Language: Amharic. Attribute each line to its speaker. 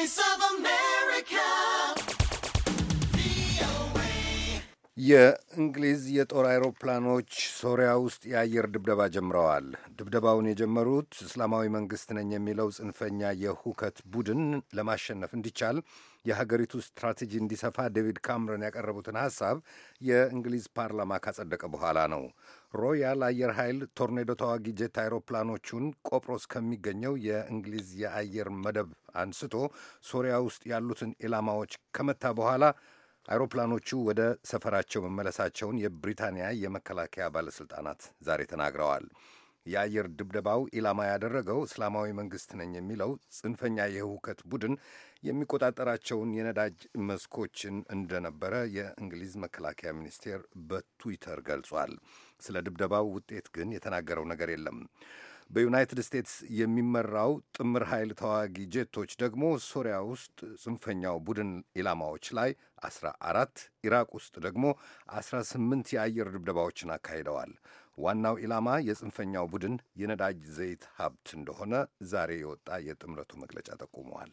Speaker 1: Voice of man.
Speaker 2: የእንግሊዝ የጦር አይሮፕላኖች ሶሪያ ውስጥ የአየር ድብደባ ጀምረዋል። ድብደባውን የጀመሩት እስላማዊ መንግስት ነኝ የሚለው ጽንፈኛ የሁከት ቡድን ለማሸነፍ እንዲቻል የሀገሪቱ ስትራቴጂ እንዲሰፋ ዴቪድ ካምረን ያቀረቡትን ሐሳብ የእንግሊዝ ፓርላማ ካጸደቀ በኋላ ነው። ሮያል አየር ኃይል ቶርኔዶ ተዋጊ ጄት አይሮፕላኖቹን ቆጵሮስ ከሚገኘው የእንግሊዝ የአየር መደብ አንስቶ ሶሪያ ውስጥ ያሉትን ኢላማዎች ከመታ በኋላ አይሮፕላኖቹ ወደ ሰፈራቸው መመለሳቸውን የብሪታንያ የመከላከያ ባለሥልጣናት ዛሬ ተናግረዋል። የአየር ድብደባው ኢላማ ያደረገው እስላማዊ መንግሥት ነኝ የሚለው ጽንፈኛ የሁከት ቡድን የሚቆጣጠራቸውን የነዳጅ መስኮችን እንደነበረ የእንግሊዝ መከላከያ ሚኒስቴር በትዊተር ገልጿል። ስለ ድብደባው ውጤት ግን የተናገረው ነገር የለም። በዩናይትድ ስቴትስ የሚመራው ጥምር ኃይል ተዋጊ ጄቶች ደግሞ ሶሪያ ውስጥ ጽንፈኛው ቡድን ኢላማዎች ላይ 14 ኢራቅ ውስጥ ደግሞ 18 የአየር ድብደባዎችን አካሂደዋል። ዋናው ኢላማ የጽንፈኛው ቡድን የነዳጅ ዘይት ሀብት እንደሆነ ዛሬ የወጣ የጥምረቱ መግለጫ ጠቁመዋል።